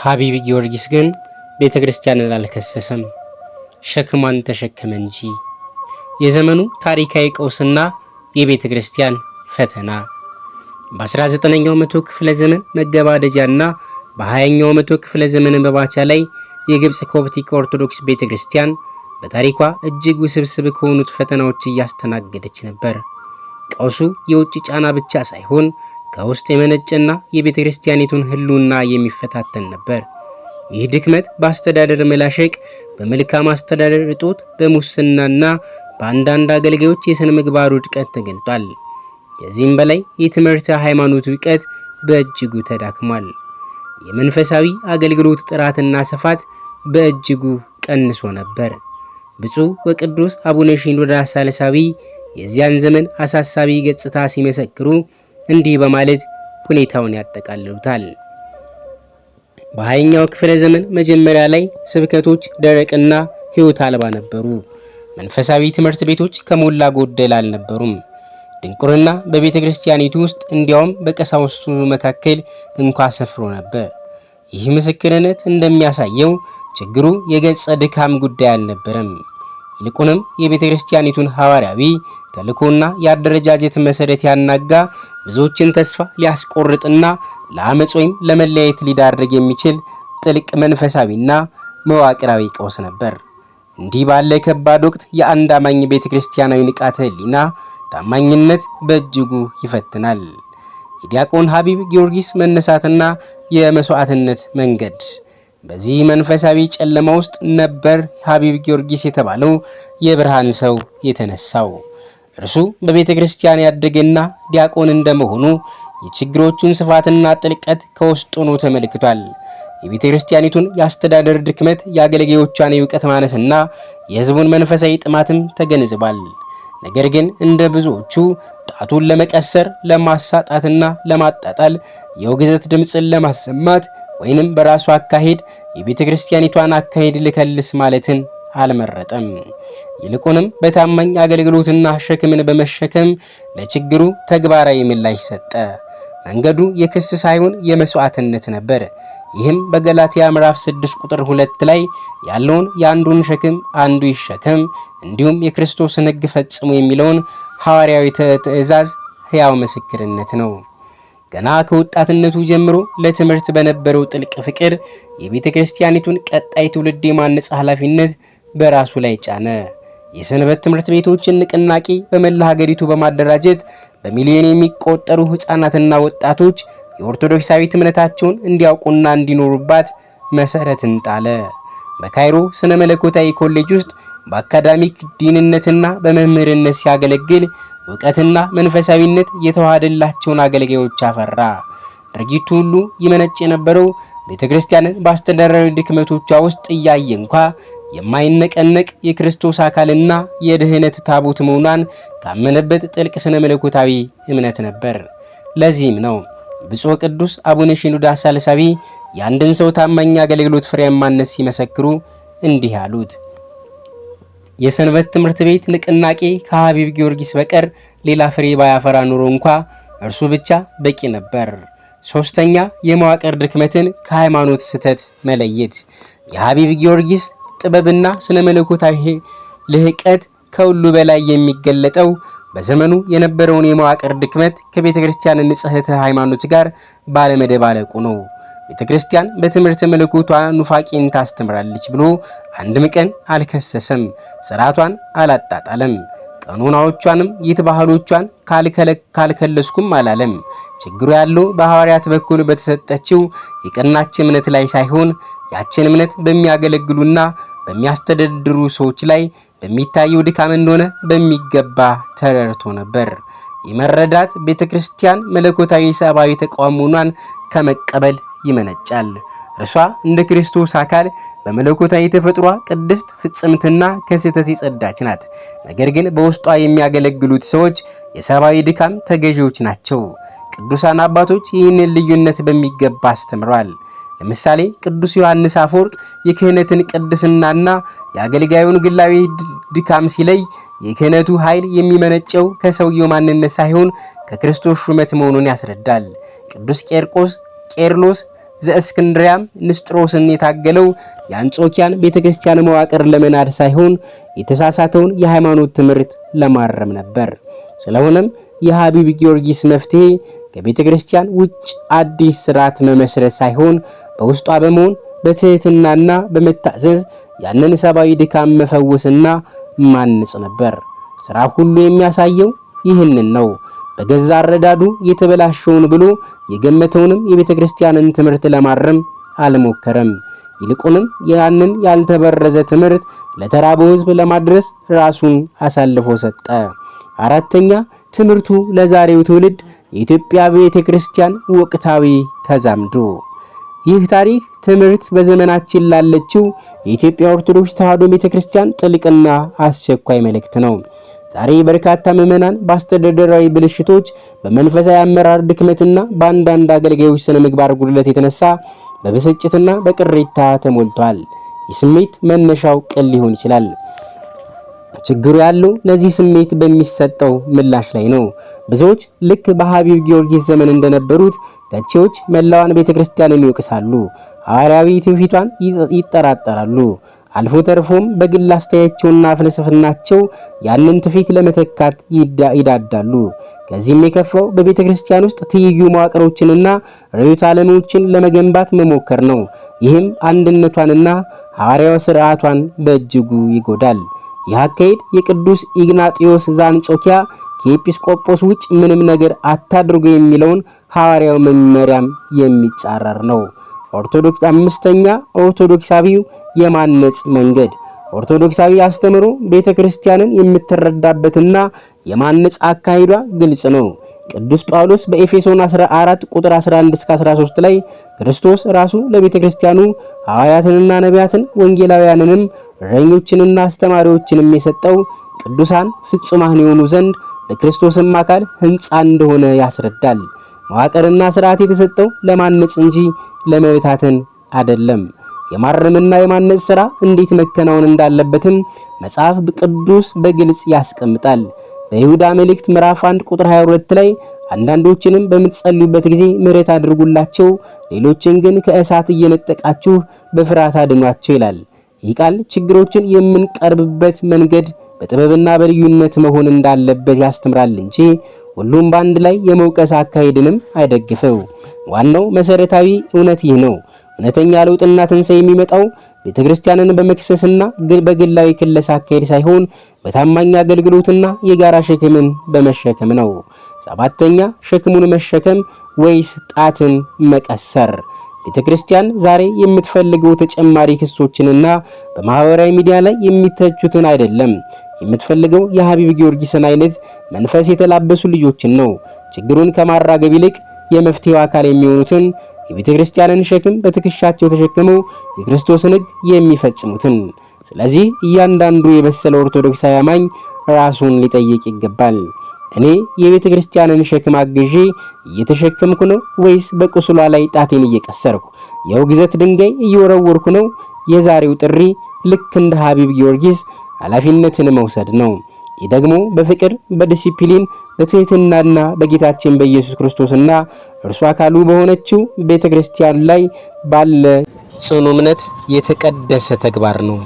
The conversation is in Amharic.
ሀቢብ ጊዮርጊስ ግን ቤተ ክርስቲያንን አልከሰሰም፣ ሸክሟን ተሸከመ እንጂ። የዘመኑ ታሪካዊ ቀውስና የቤተ ክርስቲያን ፈተና በ19ኛው መቶ ክፍለ ዘመን መገባደጃና በ20ኛው መቶ ክፍለ ዘመን መባቻ ላይ የግብፅ ኮፕቲክ ኦርቶዶክስ ቤተ ክርስቲያን በታሪኳ እጅግ ውስብስብ ከሆኑት ፈተናዎች እያስተናገደች ነበር። ቀውሱ የውጭ ጫና ብቻ ሳይሆን ከውስጥ የመነጨና የቤተ ክርስቲያኒቱን ህልውና የሚፈታተን ነበር። ይህ ድክመት በአስተዳደር መላሸቅ፣ በመልካም አስተዳደር እጦት፣ በሙስናና በአንዳንድ አገልጋዮች የሥነ ምግባር ውድቀት ተገልጧል። ከዚህም በላይ የትምህርተ ሃይማኖት እውቀት በእጅጉ ተዳክሟል። የመንፈሳዊ አገልግሎት ጥራትና ስፋት በእጅጉ ቀንሶ ነበር። ብፁዕ ወቅዱስ አቡነ ሽኖዳ ሳልሳዊ የዚያን ዘመን አሳሳቢ ገጽታ ሲመሰክሩ እንዲህ በማለት ሁኔታውን ያጠቃልሉታል። በሃያኛው ክፍለ ዘመን መጀመሪያ ላይ ስብከቶች ደረቅና ሕይወት አልባ ነበሩ። መንፈሳዊ ትምህርት ቤቶች ከሞላ ጎደል አልነበሩም። ድንቁርና በቤተ ክርስቲያኒቱ ውስጥ እንዲያውም በቀሳውስቱ መካከል እንኳ ሰፍሮ ነበር። ይህ ምስክርነት እንደሚያሳየው ችግሩ የገጸ ድካም ጉዳይ አልነበረም። ይልቁንም የቤተ ክርስቲያኒቱን ሐዋርያዊ ተልእኮና የአደረጃጀት መሰረት ያናጋ ብዙዎችን ተስፋ ሊያስቆርጥና ለአመፅ ወይም ለመለያየት ሊዳርግ የሚችል ጥልቅ መንፈሳዊና መዋቅራዊ ቀውስ ነበር። እንዲህ ባለ ከባድ ወቅት የአንድ አማኝ ቤተ ክርስቲያናዊ ንቃተ ህሊና ታማኝነት በእጅጉ ይፈትናል። የዲያቆን ሀቢብ ጊዮርጊስ መነሳትና የመስዋዕትነት መንገድ በዚህ መንፈሳዊ ጨለማ ውስጥ ነበር ሀቢብ ጊዮርጊስ የተባለው የብርሃን ሰው የተነሳው። እርሱ በቤተ ክርስቲያን ያደገና ዲያቆን እንደመሆኑ የችግሮቹን ስፋትና ጥልቀት ከውስጡ ሆኖ ተመልክቷል። የቤተ ክርስቲያኒቱን የአስተዳደር ድክመት፣ የአገልጋዮቿን የእውቀት ማነስና የሕዝቡን መንፈሳዊ ጥማትም ተገንዝቧል። ነገር ግን እንደ ብዙዎቹ ጣቱን ለመቀሰር ለማሳጣትና ለማጣጣል የውግዘት ድምፅን ለማሰማት ወይንም በራሱ አካሄድ የቤተ ክርስቲያኒቷን አካሄድ ልከልስ ማለትን አልመረጠም። ይልቁንም በታማኝ አገልግሎትና ሸክምን በመሸከም ለችግሩ ተግባራዊ ምላሽ ሰጠ። መንገዱ የክስ ሳይሆን የመስዋዕትነት ነበር። ይህም በገላትያ ምዕራፍ 6 ቁጥር 2 ላይ ያለውን የአንዱን ሸክም አንዱ ይሸከም እንዲሁም የክርስቶስን ሕግ ፈጽሙ የሚለውን ሐዋርያዊ ትእዛዝ ሕያው ምስክርነት ነው። ገና ከወጣትነቱ ጀምሮ ለትምህርት በነበረው ጥልቅ ፍቅር የቤተ ክርስቲያኒቱን ቀጣይ ትውልድ የማነጽ ኃላፊነት በራሱ ላይ ጫነ። የሰንበት ትምህርት ቤቶችን ንቅናቄ በመላ ሀገሪቱ በማደራጀት በሚሊዮን የሚቆጠሩ ህፃናትና ወጣቶች የኦርቶዶክሳዊት እምነታቸውን እንዲያውቁና እንዲኖሩባት መሰረትን ጣለ። በካይሮ ስነ መለኮታዊ ኮሌጅ ውስጥ በአካዳሚክ ዲንነትና በመምህርነት ሲያገለግል እውቀትና መንፈሳዊነት የተዋሃደላቸውን አገልጋዮች አፈራ። ድርጊቱ ሁሉ ይመነጭ የነበረው ቤተ ክርስቲያንን በአስተዳደራዊ ድክመቶቿ ውስጥ እያየ እንኳ የማይነቀነቅ የክርስቶስ አካልና የድህነት ታቦት መሆኗን ታመነበት ጥልቅ ስነ መለኮታዊ እምነት ነበር። ለዚህም ነው ብፁዕ ቅዱስ አቡነ ሽኑዳ ሳልሳዊ የአንድን ሰው ታማኝ አገልግሎት ፍሬያማነት ሲመሰክሩ እንዲህ አሉት። የሰንበት ትምህርት ቤት ንቅናቄ ከሀቢብ ጊዮርጊስ በቀር ሌላ ፍሬ ባያፈራ ኑሮ እንኳ እርሱ ብቻ በቂ ነበር። ሶስተኛ የመዋቅር ድክመትን ከሃይማኖት ስህተት መለየት የሀቢብ ጊዮርጊስ ጥበብና ስነ መለኮታዊ ልህቀት ከሁሉ በላይ የሚገለጠው በዘመኑ የነበረውን የመዋቅር ድክመት ከቤተ ክርስቲያን ንጽሕተ ሃይማኖት ጋር ባለመደባለቁ ነው። ቤተ ክርስቲያን በትምህርተ መለኮቷ ኑፋቄን ታስተምራለች ብሎ አንድም ቀን አልከሰሰም። ስርዓቷን አላጣጣለም። ቀኖናዎቿንም ባህሎቿን ካልከለስኩም አላለም። ችግሩ ያለው በሐዋርያት በኩል በተሰጠችው የቀናች እምነት ላይ ሳይሆን ያችን እምነት በሚያገለግሉና በሚያስተዳድሩ ሰዎች ላይ በሚታየው ድካም እንደሆነ በሚገባ ተረድቶ ነበር። የመረዳት ቤተ ክርስቲያን መለኮታዊ ሰብአዊ ተቃውሞኗን ከመቀበል ይመነጫል። እርሷ እንደ ክርስቶስ አካል በመለኮታዊ ተፈጥሯ ቅድስት ፍጽምትና ከስህተት የጸዳች ናት። ነገር ግን በውስጧ የሚያገለግሉት ሰዎች የሰብአዊ ድካም ተገዢዎች ናቸው። ቅዱሳን አባቶች ይህንን ልዩነት በሚገባ አስተምረዋል። ለምሳሌ ቅዱስ ዮሐንስ አፈወርቅ የክህነትን ቅድስናና የአገልጋዩን ግላዊ ድካም ሲለይ የክህነቱ ኃይል የሚመነጨው ከሰውየው ማንነት ሳይሆን ከክርስቶስ ሹመት መሆኑን ያስረዳል። ቅዱስ ቄርቆስ ቄርሎስ ዘእስክንድሪያም ንስጥሮስን የታገለው የአንጾኪያን ቤተ ክርስቲያን መዋቅር ለመናድ ሳይሆን የተሳሳተውን የሃይማኖት ትምህርት ለማረም ነበር። ስለሆነም የሀቢብ ጊዮርጊስ መፍትሄ ከቤተ ክርስቲያን ውጭ አዲስ ስርዓት መመስረት ሳይሆን በውስጧ በመሆን በትህትናና በመታዘዝ ያንን ሰብአዊ ድካም መፈወስና ማንጽ ነበር። ሥራ ሁሉ የሚያሳየው ይህንን ነው። በገዛ አረዳዱ የተበላሸውን ብሎ የገመተውንም የቤተ ክርስቲያንን ትምህርት ለማረም አልሞከረም። ይልቁንም ያንን ያልተበረዘ ትምህርት ለተራበው ሕዝብ ለማድረስ ራሱን አሳልፎ ሰጠ። አራተኛ ትምህርቱ ለዛሬው ትውልድ የኢትዮጵያ ቤተ ክርስቲያን ወቅታዊ ተዛምዶ ይህ ታሪክ ትምህርት በዘመናችን ላለችው የኢትዮጵያ ኦርቶዶክስ ተዋሕዶ ቤተክርስቲያን ጥልቅና አስቸኳይ መልእክት ነው። ዛሬ በርካታ ምዕመናን በአስተዳደራዊ ብልሽቶች፣ በመንፈሳዊ አመራር ድክመትና በአንዳንድ አገልጋዮች ስነ ምግባር ጉድለት የተነሳ በብስጭትና በቅሬታ ተሞልቷል። የስሜት መነሻው ቅል ሊሆን ይችላል። ችግሩ ያለው ለዚህ ስሜት በሚሰጠው ምላሽ ላይ ነው። ብዙዎች ልክ በሀቢብ ጊዮርጊስ ዘመን እንደነበሩት ተቺዎች መላዋን ቤተ ክርስቲያንን ይወቅሳሉ፣ ሐዋርያዊ ትውፊቷን ይጠራጠራሉ። አልፎ ተርፎም በግል አስተያየቸውና ፍልስፍናቸው ያንን ትውፊት ለመተካት ይዳዳሉ። ከዚህም የከፋው በቤተ ክርስቲያን ውስጥ ትይዩ መዋቅሮችንና ርዕዮተ ዓለሞችን ለመገንባት መሞከር ነው። ይህም አንድነቷንና ሐዋርያዊ ስርዓቷን በእጅጉ ይጎዳል። ይህ አካሄድ የቅዱስ ኢግናጢዮስ ዛንጾኪያ ከኤጲስቆጶስ ውጭ ምንም ነገር አታድርጉ የሚለውን ሐዋርያው መመሪያም የሚጻረር ነው። ኦርቶዶክስ አምስተኛ ኦርቶዶክሳዊው የማነጽ መንገድ ኦርቶዶክሳዊ አስተምሮ ቤተ ክርስቲያንን የምትረዳበትና የማነጽ አካሂዷ ግልጽ ነው። ቅዱስ ጳውሎስ በኤፌሶን 14 ቁጥር 11 እስከ 13 ላይ ክርስቶስ ራሱ ለቤተ ክርስቲያኑ ሐዋርያትንና ነቢያትን ወንጌላውያንንም እረኞችንና አስተማሪዎችንም የሰጠው ቅዱሳን ፍጹማን የሆኑ ዘንድ ለክርስቶስም አካል ሕንፃ እንደሆነ ያስረዳል። መዋቅርና ስርዓት የተሰጠው ለማነጽ እንጂ ለመበታተን አይደለም። የማረምና የማነጽ ስራ እንዴት መከናወን እንዳለበትም መጽሐፍ ቅዱስ በግልጽ ያስቀምጣል። በይሁዳ መልእክት ምዕራፍ 1 ቁጥር 22 ላይ አንዳንዶችንም በምትጸልዩበት ጊዜ ምሕረት አድርጉላቸው፣ ሌሎችን ግን ከእሳት እየነጠቃችሁ በፍርሃት አድኗቸው ይላል። ይህ ቃል ችግሮችን የምንቀርብበት መንገድ በጥበብና በልዩነት መሆን እንዳለበት ያስተምራል እንጂ ሁሉም በአንድ ላይ የመውቀስ አካሄድንም አይደግፈው። ዋናው መሰረታዊ እውነት ይህ ነው። እውነተኛ ለውጥና ትንሣኤ የሚመጣው ቤተ ክርስቲያንን በመክሰስና በግላዊ ክለሳ አካሄድ ሳይሆን በታማኝ አገልግሎትና የጋራ ሸክምን በመሸከም ነው። ሰባተኛ ሸክሙን መሸከም ወይስ ጣትን መቀሰር? ቤተ ክርስቲያን ዛሬ የምትፈልገው ተጨማሪ ክሶችንና በማህበራዊ ሚዲያ ላይ የሚተቹትን አይደለም። የምትፈልገው የሀቢብ ጊዮርጊስን አይነት መንፈስ የተላበሱ ልጆችን ነው። ችግሩን ከማራገብ ይልቅ የመፍትሄው አካል የሚሆኑትን የቤተ ክርስቲያንን ሸክም በትከሻቸው ተሸክመው የክርስቶስን ሕግ የሚፈጽሙትን። ስለዚህ እያንዳንዱ የበሰለ ኦርቶዶክሳዊ አማኝ ራሱን ሊጠይቅ ይገባል። እኔ የቤተ ክርስቲያንን ሸክም አግዤ እየተሸከምኩ ነው ወይስ በቁስሏ ላይ ጣቴን እየቀሰርኩ የውግዘት ድንጋይ እየወረወርኩ ነው? የዛሬው ጥሪ ልክ እንደ ሀቢብ ጊዮርጊስ ኃላፊነትን መውሰድ ነው። ይህ ደግሞ በፍቅር በዲሲፕሊን በትህትናና በጌታችን በኢየሱስ ክርስቶስና እርሱ አካሉ በሆነችው ቤተ ክርስቲያን ላይ ባለ ጽኑ እምነት የተቀደሰ ተግባር ነው።